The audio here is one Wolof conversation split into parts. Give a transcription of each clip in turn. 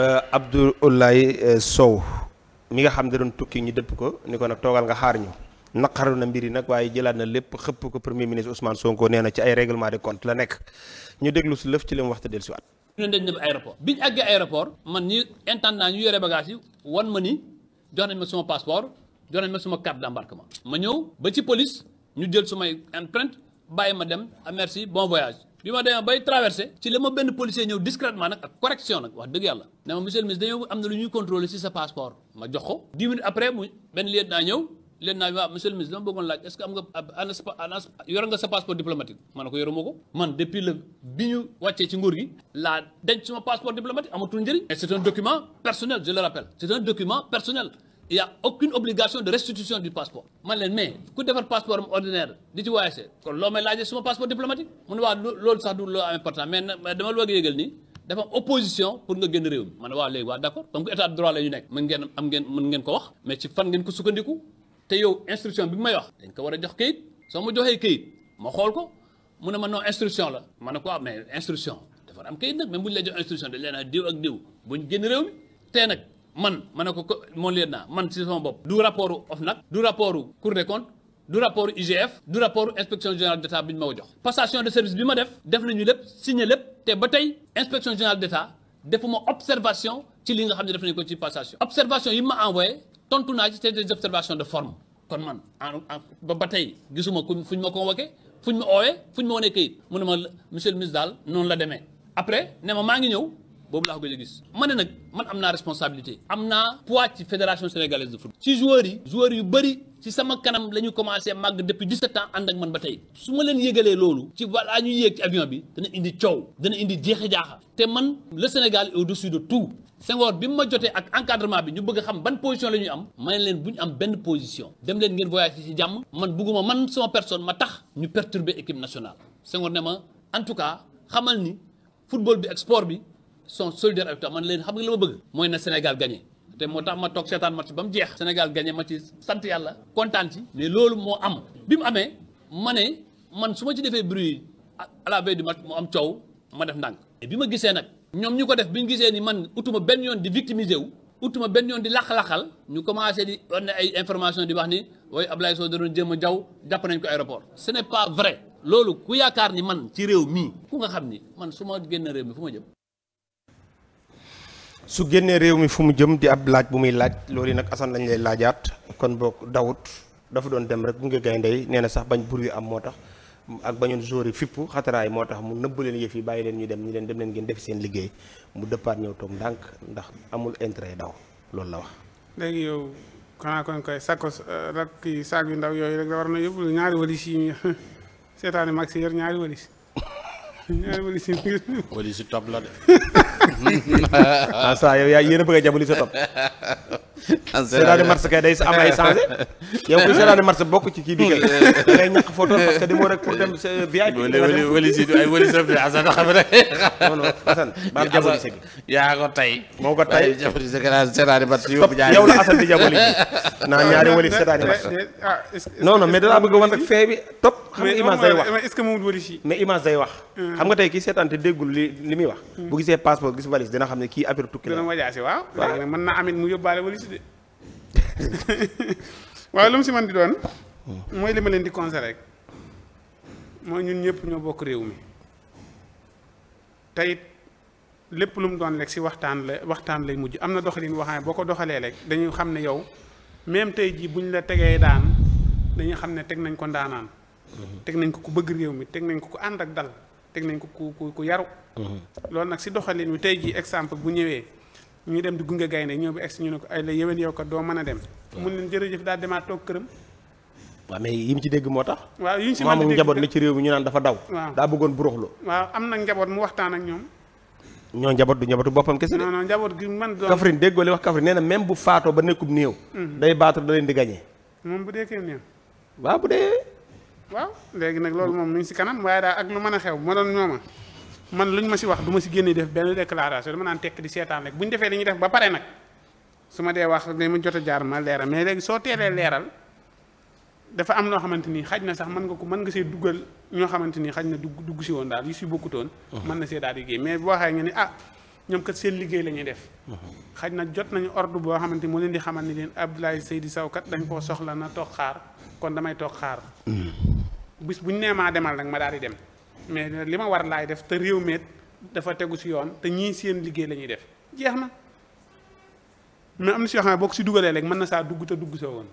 Euh, Abdoulaye euh, Sow mi nga xam ne doon tukki ñu dëpp ko ni ko nag toogal nga xaar ñu naqaru na mbir yi nag waaye jëlaat na lépp xëpp ko premier ministre Ousmane Sonko nee na ci ay règlement de compte la nekk ñu déglu si lëf ci li mu wax te dellusiwaat. ñu ne dañ dem aéroport biñu àggee aéroport man ñi intendant ñu yore bagage yi wan ma ni jox nañ ma suma passeport jox nañ ma sama carte d'embarquement ma ñëw ba ci police ñu jël sumay empreinte bàyyi ma dem merci bon voyage. bi ma demee bay traversé ci la ma benn policier ñëw discrètement nag ak correction nag wax dëgg yàlla ne ma monsieur le ministre na lu ñuy contrôler mu benn liet laaj est-ce que am nga anas sa passeport diplomatique ma ne ko yoruma ko man depuis le bi ñu wàccee ci nguur gi laa denc suma passeport diplomatique amatul njëriñ et c'est un document personnel je le rappelle c'est un document personnel yaa y a aucune obligation de restitution du passeport man leen mais ku defar passeport am ordinaire di ci voyagé kon loo may laajee suma passeport diplomatique mu ne waa loolu sax du loo am a yëgal nii dafa am opposition pour nga génn réew mi man waa léegi waa d'accord comme que état de droit la nekk mën ngeen am ngeen mën ngeen ko wax mais ci fan ngeen ko sukkandiku te yow instruction bi may wax dañ ko war a jox kayit soo ma joxee kayit ma xool ko mu ne ma non instruction la ma ne ko ah, am kayit nag mais bu ñu la jox instruction dañ a diw ak te nag man ma ne ko mon lieutenant man si sama bopp du rapport nag du rapport Cour des comptes du rapport IGF du rapport inspection générale d' état bi ñu ma ko jox passation de service bi ma def def nañu lépp signé lépp te ba tey inspection générale d' état defuma observation ci li nga xam ne def nañu ko ci passation observation yi ma envoyé tontu naa ci te des observations de forme kon man ba ba tey gisuma kuñ fu ñu ma convoqué fu ñu ma oowee fu ñu ma wanee mu ne ma monsieur le ministre daal noonu la demee après ne ma maa ngi ñëw boobu laa ko gëj gis ma ne nag man am naa responsabilité am naa poids ci fédération sénégalaise de football ci joueurs yi joueurs yu bëri ci sama kanam la ñu commencé màgg depuis 17 ans ànd ak man ba tey su ma leen yëgalee loolu ci balaa ñu yéeg ci avion bi dana indi coow dana indi jeexi jaaxa te man le Sénégal est au-dessus de tout Senghor bi mu ma jotee ak encadrement bi ñu bëgg xam ban position la ñuy am ma ne leen bu ñu am benn position dem leen ngeen voyage ci jàmm man bugguma man sama personne ma tax ñu perturber équipe nationale Senghor ne en tout cas xamal ni football bi ak sport bi son solidaires avec toi man leen xam nga li ma bëgg mooy na Sénégal gagné te moo tax ma toog seetaan match ba mu jeex Sénégal gagné ma ci sant yàlla kontaan ci mais loolu moo am bi mu amee ma ne man su ma ci defee bruit à la veille du match mu am coow ma def ndànk et bi ma gisee nag ñoom ñu ko def bi ñu gisee ni man utuma benn yoon di victimiser wu utuma benn yoon di laq-laqal ñu commencé di wane ay information di wax ni wooy Ablaye Sow da doon jéem a jaww jàpp nañ ko aéroport ce n'est pas vrai loolu ku yaakaar ni man ci réew mii ku nga xam ni man su ma génn réew mi fu ma jëm su génnee réew mi fu mu jëm di ab laaj bu muy laaj loolu yi nag Assane lañ lay laajaat kon boog Daoud dafa doon dem rek gunge gaynde yi nee na sax bañ bur yu am moo tax ak bañoon joori fippu xataraay moo tax mu nëbb leen yëf yi bàyyi leen ñu dem ñu leen dem leen ngeen def seen liggéey mu dëppaat ñëw toog ndànk ndax amul intérêt daw loolu la wax. léegi yow xanaa kon koy sakko rak kii saag yu ndaw yooyu rek da war na yóbbu ñaari walis yi seetaani mag si yor ñaari walis wali si topp la de. ah saa yow yaa yéen a bëgg topp. Ah, seetaani match kay day am ay ay wëlis rek la Assane di jabolise naa ñaari wëlis seetaani match ah, non mais danaa bëgg a wan rek fee bi xam nga image day wax hmm. xam nga tey kii seetaan te déggul li li muy wax hmm. bu gisee passeport gis valise dina xam ne kii affaire tukki la waaw lu mu si man di doon. mooy li ma leen di conseillé rek mooy ñun ñëpp ñoo bokk réew mi tey lépp lu mu doon lekk si waxtaan la waxtaan lay mujj am na doxalin waxaan boo ko doxalee rek dañu xam ne yow même tey jii bu ñu la tegee daan dañu xam ne teg nañ ko ndaanaan. teg nañ ko ku bëgg réew mi teg nañ ko ku ànd ak dal teg nañ ko ku ku ku yaru. loolu nag si doxalin wi tey jii exemple bu ñëwee. ñu dem di gunge gaynde ñëw bi egsi ñu ne ko ay la yéwén yow ko doo mën a dem mun leen jërëjëf daa demaat toog këram waaw mais yi mu ci dégg moo tax waaw yi ñu si maamum njaboot na ci réew mi ñu naan dafa daw waaw daa bëggoon buruxlu waaw am na njaboot mu waxtaan ak ñoom ñoo njaboot du njabootu boppam kese non non njaboot gi man doon Kaffrine déggoo li wax Kaffrine nee na même bu faatoo ba nekkub néew mm-hmm. day baatu da leen di gañee moom bu dee kenn néew waaw bu dee waaw léegi nag loolu moom mu ñu si kanam waaye daal ak lu mën a xew ma doon ñooma man lu ñu ma si wax du ma si génnee def benn déclaration dama naan tekk di seetaan rek bu ñu ba pare nag su ma dee wax li jot a jaar ma leeral mais léegi soo teelee leeral dafa am loo xamante ni xaj na sax mën nga ko mën nga see duggal ñoo xamante ni xaj na dugg dugg si woon daal yu si bokkutoon. Uh-huh. mën na see daal di géey mais boo waxee nga ni ah ñoom kat seen liggéey la ñuy def. Uh-huh. xaj na jot nañu ordre boo xamante moo leen di xamal ni leen Abdoulaye Seydi Sow kat dañ koo soxla na toog xaar kon damay toog xaar. Mm-hmm. bis bu ñu nee maa demal nag ma daal di dem. mais li ma war laay def te réew meet dafa tegu si yoon te ñii seen liggéey la ñuy def jeex na mais am na si yoo xam ne boo ko si dugalee rek mën na saa dugg te dugg sa woon.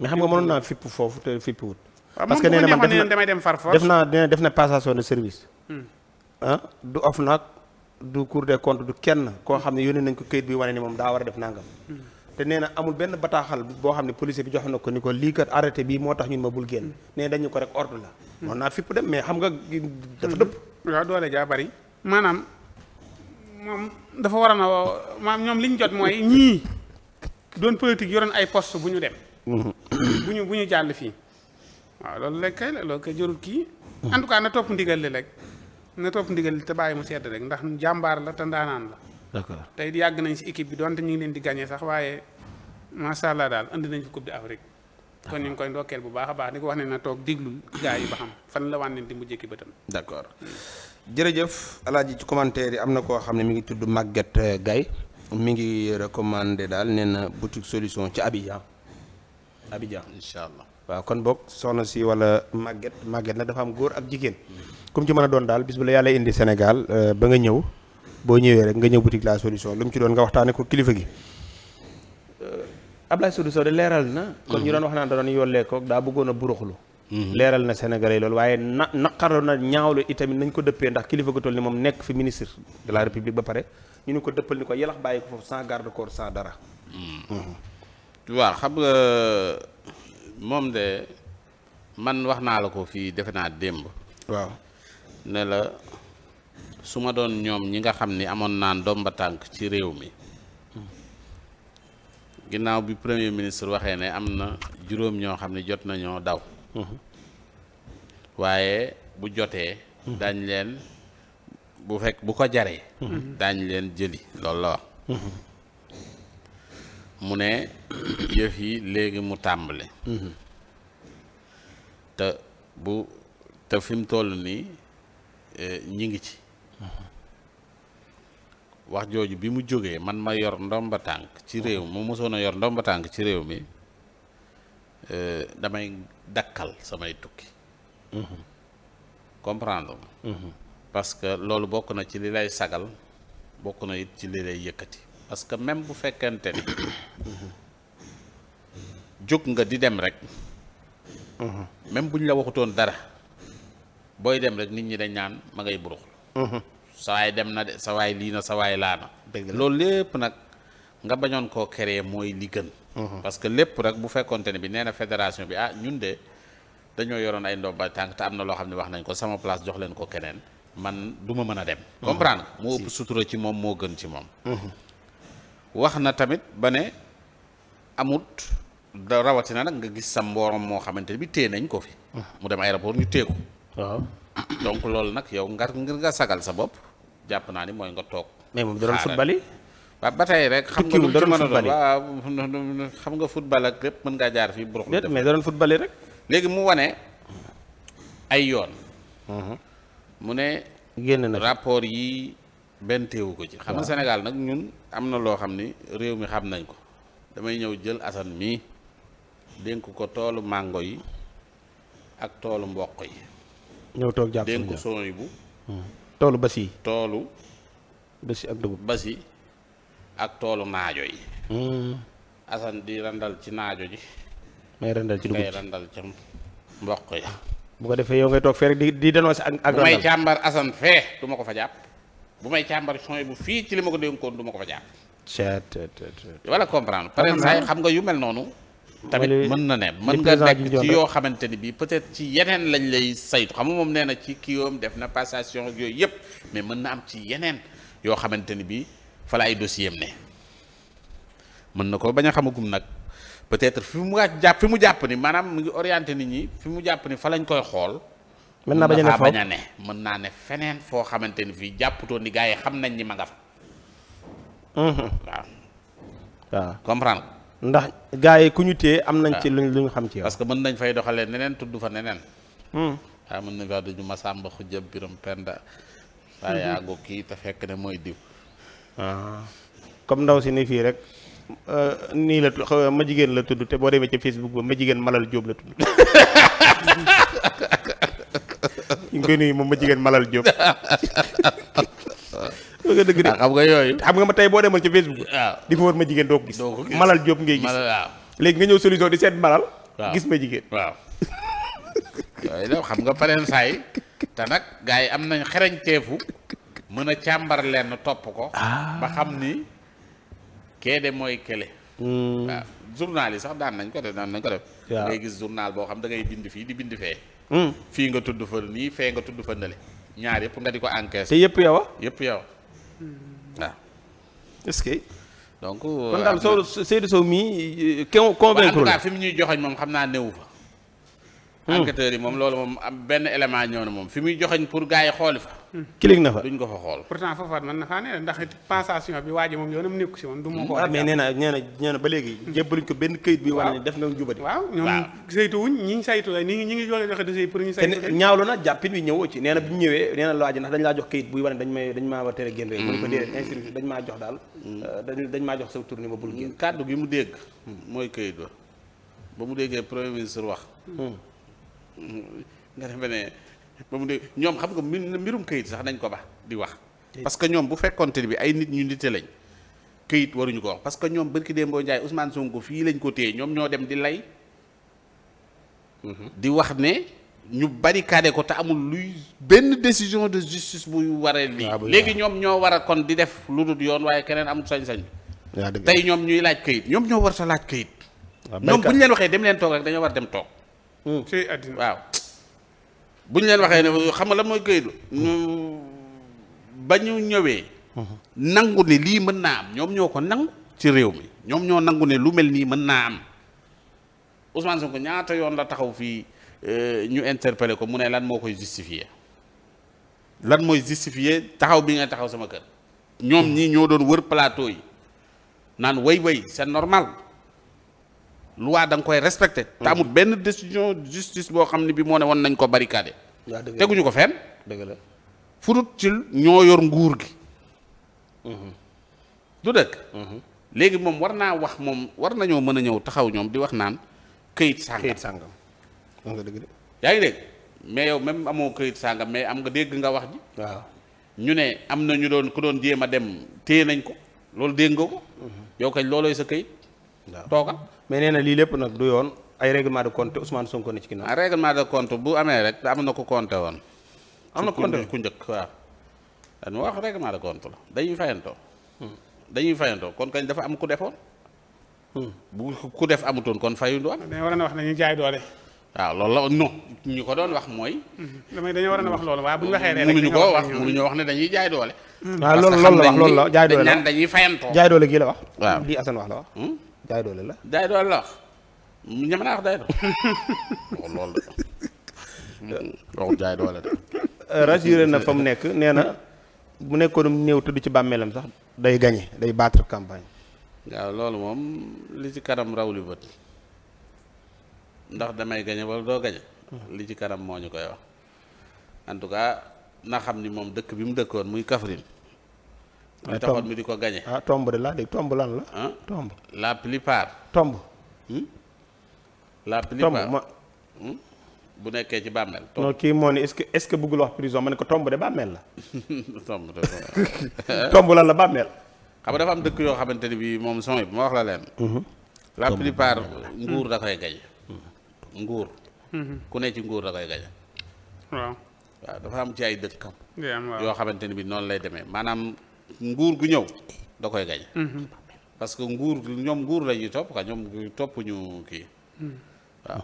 mais xam nga mënoon naa fipp foofu te fipp wut. parce que nee na man damay dem far force def naa def na passation de service. Hmm. Ah, du du nag du Cour des comptes du kenn koo xam ne yónnee nañ ko kayit bi wane ni moom daa war a def nangam. Hmm. te nee na amul benn bataaxal boo xam ne policier bi jox na ko ni ko lii kat arrêté bii moo tax ñun ma bul génn nee dañu ko rek ordre la. noonu naa fipp dem mais xam nga. dafa dëpp. waaw doole jaa bari maanaam moom dafa war a na maanaam ñoom li jot mooy ñii doon politique yoroon ay post bu ñu dem. bu ñu bu ñu jàll fii waaw loolu rek kay la loolu kay jarul kii. en tout cas na topp ndigal li rek na topp ndigal li te bàyyi mu sedd rek ndax jàmbaar la te ndaanaan la. d'accord tey yàgg nañ ci équipe bi donte ñu ngi leen di gagné sax waaye macha allah daal andi nañ fi coupe d'Afrique kon ñu ngi koy ndokkeel bu baax a baax ni ko wax ne na toog diglu gars yi ba xam fan la wànneen di mujjee ki bëtam. d'accord jërëjëf alaaji ci commentaire yi am na koo xam ne mi ngi tudd Maguette Gaye mi ngi recommandé daal nee na solution ci Abidjan Abidjan incha allah. waaw kon boog soxna si wala Maguette Maguette na dafa am góor ak jigéen. comme ci mën doon daal bis bu la yàlla indi Sénégal euh, ba nga ñëw. boo ñëwee rek nga ñëw boutique la solution lu mu ci doon nga waxtaanee ko kilifa gi. Ablaye Sow de leeral na. kon ñu mhm. doon wax naa da doon yollee daa bëggoon a buruxlu. Mhm. leeral na Sénégalais loolu waaye na naqaru na ñaawlu itamit nañ ko dëppee ndax kilifa ko toll ni moom nekk fi ministre de la république ba pare ñu ni ko dëppal ni ko yalax bàyyi ko foofu sans garde corps sans dara. Mhm. waaw xam nga moom de man wax naa la ko fii defe naa démb. waaw ne su ma doon ñoom ñi nga xam ni amoon naa ndomba tànk ci réew mi ginnaaw bi premier ministre waxee ne am na juróom ñoo xam ne jot nañoo daw waaye bu jotee dañ leen bu fekk bu ko jaree dañ leen jëli loolu la wax mu ne yëf yi léegi mu tàmbale te bu te fi mu toll nii eh, ñi ngi ci Uh-huh. wax jooju bi mu jógee man ma yor ndomba tànk ci réew uh-huh. mu mosoon a yor ndomba tànk ci réew mi eh, damay dakkal samay tukki uh-huh. comprendre parce que loolu bokk na ci li lay sagal bokk na it ci li lay yëkkati parce que même bu fekkente ni jóg nga di dem rek même bu ñu la waxutoon dara booy dem rek nit ñi dañ naan ma ngay burux sawaay dem na de sawaay lii na sawaay laa na loolu lépp nag nga bañoon koo créer mooy li gën mhm. parce que lépp rek bu fekkonte ne bi nee na fédération bi ah ñun de dañoo yoroon ay ndomba tànk te am na loo xam ne wax nañ ko sama place jox leen ko keneen man du ma mën a dem mhm. comprendre moo ëpp ci moom moo gën ci moom mhm. wax na tamit ba ne amut rawatina nag nga gis sa mboorom moo xamante ne bi téye nañ ko fi mu dem aéroport ñu téye ko waaw donc loolu nag yow ngar ngir nga sagal sa bopp jàpp naa ni mooy nga toog. mais moom da doon football yi. ba tey rek. xam nga lu ci mën waaw xam nga football ak lépp mën ngaa jaar fii. burux def mais da doon football rek. léegi mu wane ay yoon. Mhm. mu ne. génn na rapport yi benn teewu ko ci. xam nga Sénégal nag ñun am na loo xam ni réew mi xam nañ ko. damay ñëw jël asan mi dénk ko toolu màngo yi ak toolu mboq yi. ñëw toog jàpp dénk ko sooy bu. Hmm. toolu basi toolu. basi ak dugub basi ak toolu naajo yi. Hmm. asan di randal ci naajo ji. may randal ci dugub ngay ca mboq ya. bu ko defee yow ngay toog fee rek di di danoo si ak ak. bu may càmbar asan fee du ma ko fa jàpp. bu may càmbar sooy bu fii ci li ma ko dénkoon du ma ko fa jàpp. caa te te te. wala xam nga yu mel noonu. tamit mën na ne mën nga nekk ci yoo xamante ni bii peut-être ci yeneen lañ lay saytu xam nga moom nee na ci kiiwam def na passation ak yooyu yëpp mais mën na am ci yeneen yoo xamante ni bii fa ay dossier am ne mën na ko bañ a xamagum nag peut-être fi mu jàpp fi mu jàpp ni maanaam mu orienté nit ñi fi mu jàpp ni fa lañ koy xool. mën naa bañ a ne mën naa ne feneen foo xamante ni fii jàpputoo ni gars yi xam nañ ni ma nga fa. Mhm. waaw. waaw comprendre ndax gars yi ku ñu téye am nañ ci ah. lu ñu xam ci yow. parce que mën nañ fay doxalee neneen tudd fa neneen. waaw hmm. ah, mën nañ faa duñu Masamba Xuja Biram Penda. waaw yaa ngi kii te fekk ne mooy diw. Ah. comme ndaw si ni fii rek euh, nii la xaw ma jigéen la tudd te boo demee ci Facebook ba ma jigéen Malal Diop la tudd. ñu ngi moom ma jigéen Malal Diop. bëgg a dëgg de ah, xam nga yooyu xam nga ma tey boo demal ci Facebook waaw di fa ma jigéen doo ko gis malal Jóob ngay gis léegi nga ñëw solution di seet malal gis ma jigéen waaw xam nga pareen saa te nag gars yi am nañ xereñteefu mën a càmbar lenn topp ko ah. ba ni kee mooy kële hmm. waaw journal yi sax daan nañ ko def daan nañ ko def ngay gis journal boo xam da ngay bind fii di bind fee hmm. fii nga tudd fa nii fee nga tudd fa nële ñaar yëpp nga di ko encaisse te yëpp yow a yow waaw. Ah. est-ce que. donc kon euh, daal Sow Seydou Sow mii. Euh, kenn convaincre en tout cas fi mu ñuy joxoñ moom xam naa newu fa. Hmm. enquêteurs yi moom loolu moom am benn élément ñoo na moom fi muy joxoñ pour gars yi xooli fa. kilig na fa duñ ko fa xool. pourtant foofaat mën na faa ne ndax passation bi waa ji moom yoonam nekku si woon. du moo ko war ah, a mais nee na nee na nee na ba léegi. Hmm. jébbaluñ ko benn këyit bi wane ne def na jubati. waaw ñoom saytu wuñ ñi ñu saytu la ñi ngi ñi ngi joxe joxe dossier pour ñu saytu te ñaawlu na jàppit bi ñëw ci nee na bu ñu ñëwee nee na laaj ndax dañ laa jox këyit buy wane dañ may dañ maa war a tere génn rek. mu ne ko hmm. déedéet instruction dañ maa jox daal. Hmm. Euh, dañ dañ maa jox sa tournée ba bul génn. kàddu gi mu dégg mooy këyit ba ba mu déggee premier ministre wax nga defe ne ba mu de ñoom xam nga mbirum këyit sax nañ ko ba di wax. parce que ñoom bu fekkonte bi ay nit ñu nite lañ këyit waruñu ko wax parce que ñoom barki Demba Ndiaye Ousmane Sonko fii lañ ko téye ñoom ñoo dem di lay. Mhm. di wax ne ñu barricade ko te amul luy benn décision de justice buy waree lii. Ah, léegi ñoom ñoo war a kon di def lu dul yoon waaye keneen amul sañ-sañ. tey ñoom ñuy laaj këyit ñoom ñoo war sa laaj këyit. Ah, ñoom bu ñu leen waxee dem leen toog rek dañoo war dem toog. Hmm. ci waaw. bu ñu leen waxee ne xam nga lan mooy këyitu ñu ba ñu ñëwee. nangu ne lii mën naa am ñoom ñoo ko nangu ci réew mi ñoom ñoo nangu ne lu mel nii mën naa am Ousmane ko ñaata yoon la taxaw fii euh, ñu interpellé ko mu ne lan moo koy justifier lan mooy justifier taxaw bi nga taxaw sama kër. ñoom ñii ñoo doon wër plateau yi naan way way c'est normal. loi da nga koy respecté. te amul mhm. benn décision justice boo xam ne bi moo ne woon nañ ko barricade teguñu ko fen dëgg la fudut ci ñoo yor nguur gi. Mhm. du dëkk. Mhm. léegi moom war naa wax moom war nañoo mën a ñëw taxaw ñoom di wax naan këyit sàngam këyit sàngam. yaa ngi dégg mais yow même amoo këyit sàngam mais am nga dégg nga wax ji. ñu ne am na ñu doon ku doon jéem a dem téye nañ ko loolu dégg nga ko. yow kañ loolooy sa këyit. waaw toogal. mais nee na lii lépp nag du yoon ay règlement de compte Ousmane Sonko ne ci ginnaaw. ah règlement de compte bu amee rek am na ko compté woon. am na compté ku njëkk waaw. dañu wax règlement de compte la dañuy fayantoo. dañuy fayantoo kon kañ dafa am ku defoon. bu ku def amutoon kon fayu du am. mais na wax nañu jaay doole. loolu la non ñu ko doon wax mooy. Mm-hmm. damay a wax loolu waaye bu ñu waxee rek mënuñu wax mënuñu wax ne dañuy jaay doole. waaw ah, lool loolu la wax loolu la jaay doole la dañuy fayantoo. jaay doole gii la wax. waaw lii Assane wax la wax. Hmm? jaay doole la jaay doole la wax mu naa wax jaay doole la de euh, rassuré na fa mu nekk nee na bu nekkoonum néew te du ci bàmmeelam sax day gañe day battre campagne waaw loolu moom li ci kanam raw li bët ndax damay gañe wala doo gañe li ci kanam moo ñu koy wax en tout cas na xam ni moom dëkk bi mu dëkkoon muy Kaffrine li taxoon mi di ah, tomb de laa dégg tomb lan la. ah tomb hmm? hmm? bu nekkee ci bàmmeel. non kii moo ce que est-ce que bëggul wax prison la. tomb de lan la bàmmeel. xam nga dafa am dëkk yoo xamante ni bii moom son yi ma wax la leen. Mhm. la plupart mhm. nguur da koy gañe. Mhm. nguur. ku ne ci nguur da koy gañe. waaw dafa am ci ay dëkk. yoo xamante ni bii noonu lay demee maanaam. nguur gu ñëw da koy gañ mhm. parce que nguur ñoom nguur la ñuy topp quoi ñoom topp ñu kii mhm. waaw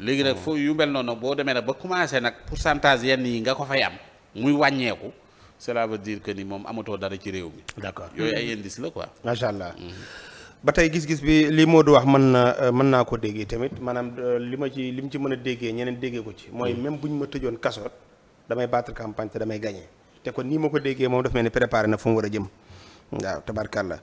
léegi nag foo yu mel noonu boo demee nag ba commencé nag pourcentage yenn yi nga ko fay am muy wàññeeku cela veut dire que ni moom amatoo dara ci réew mi d'accord yooyu mhm. ay indice la quoi macha allah ba tey gis-gis bi lii li Modou wax mën na euh, mën naa ko déggee tamit maanaam euh, li ma ci li mu ci mën a déggee ñeneen déggee ko ci mooy même bu ñu ma tëjoon kaso damay battre campagne damay gagné te kon nii ma ko déggee moom dafa mel ni préparé na fu war a jëm waaw la